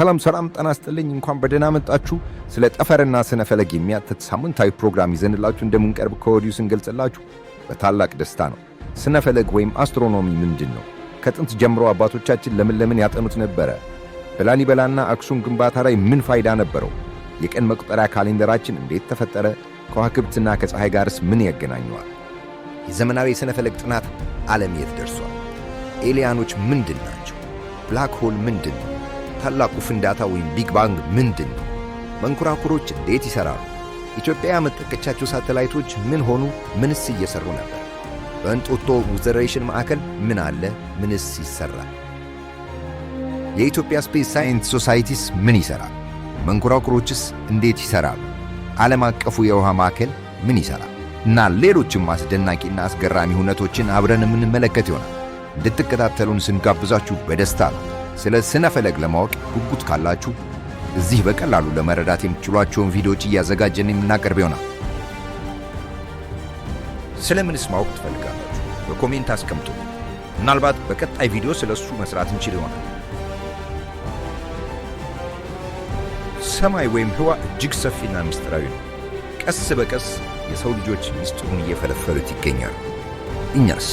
ሰላም ሰላም፣ ጤና ይስጥልኝ። እንኳን በደህና መጣችሁ። ስለ ጠፈርና ስነ ፈለግ የሚያትት ሳምንታዊ ፕሮግራም ይዘንላችሁ እንደምንቀርብ ከወዲሁ ስንገልጽላችሁ በታላቅ ደስታ ነው። ስነ ፈለግ ወይም አስትሮኖሚ ምንድን ነው? ከጥንት ጀምሮ አባቶቻችን ለምን ለምን ያጠኑት ነበረ? በላሊበላና አክሱም ግንባታ ላይ ምን ፋይዳ ነበረው? የቀን መቁጠሪያ ካሌንደራችን እንዴት ተፈጠረ? ከዋክብትና ከፀሐይ ጋርስ ምን ያገናኘዋል? የዘመናዊ የሥነ ፈለግ ጥናት ዓለም የት ደርሷል? ኤልያኖች ምንድን ናቸው? ብላክ ሆል ምንድን ነው? ታላቁ ፍንዳታ ወይም ቢግ ባንግ ምንድን ነው? መንኮራኩሮች እንዴት ይሠራሉ? ኢትዮጵያ ያመጠቀቻቸው ሳተላይቶች ምን ሆኑ? ምንስ እየሠሩ ነበር? በእንጦጦ ኦብዘርቬሽን ማዕከል ምን አለ? ምንስ ይሠራል? የኢትዮጵያ ስፔስ ሳይንስ ሶሳይቲስ ምን ይሠራል? መንኮራኩሮችስ እንዴት ይሠራሉ? ዓለም አቀፉ የውሃ ማዕከል ምን ይሠራል? እና ሌሎችም አስደናቂና አስገራሚ ሁነቶችን አብረን የምንመለከት ይሆናል። እንድትከታተሉን ስንጋብዛችሁ በደስታ ነው። ስለ ስነ ፈለግ ለማወቅ ጉጉት ካላችሁ እዚህ በቀላሉ ለመረዳት የምትችሏቸውን ቪዲዮዎች እያዘጋጀን የምናቀርብ ይሆናል። ስለ ምንስ ማወቅ ትፈልጋላችሁ? በኮሜንት አስቀምጡ። ምናልባት በቀጣይ ቪዲዮ ስለ እሱ መስራት እንችል ይሆናል። ሰማይ ወይም ህዋ እጅግ ሰፊና ምስጢራዊ ነው። ቀስ በቀስ የሰው ልጆች ምስጢሩን እየፈለፈሉት ይገኛሉ። እኛስ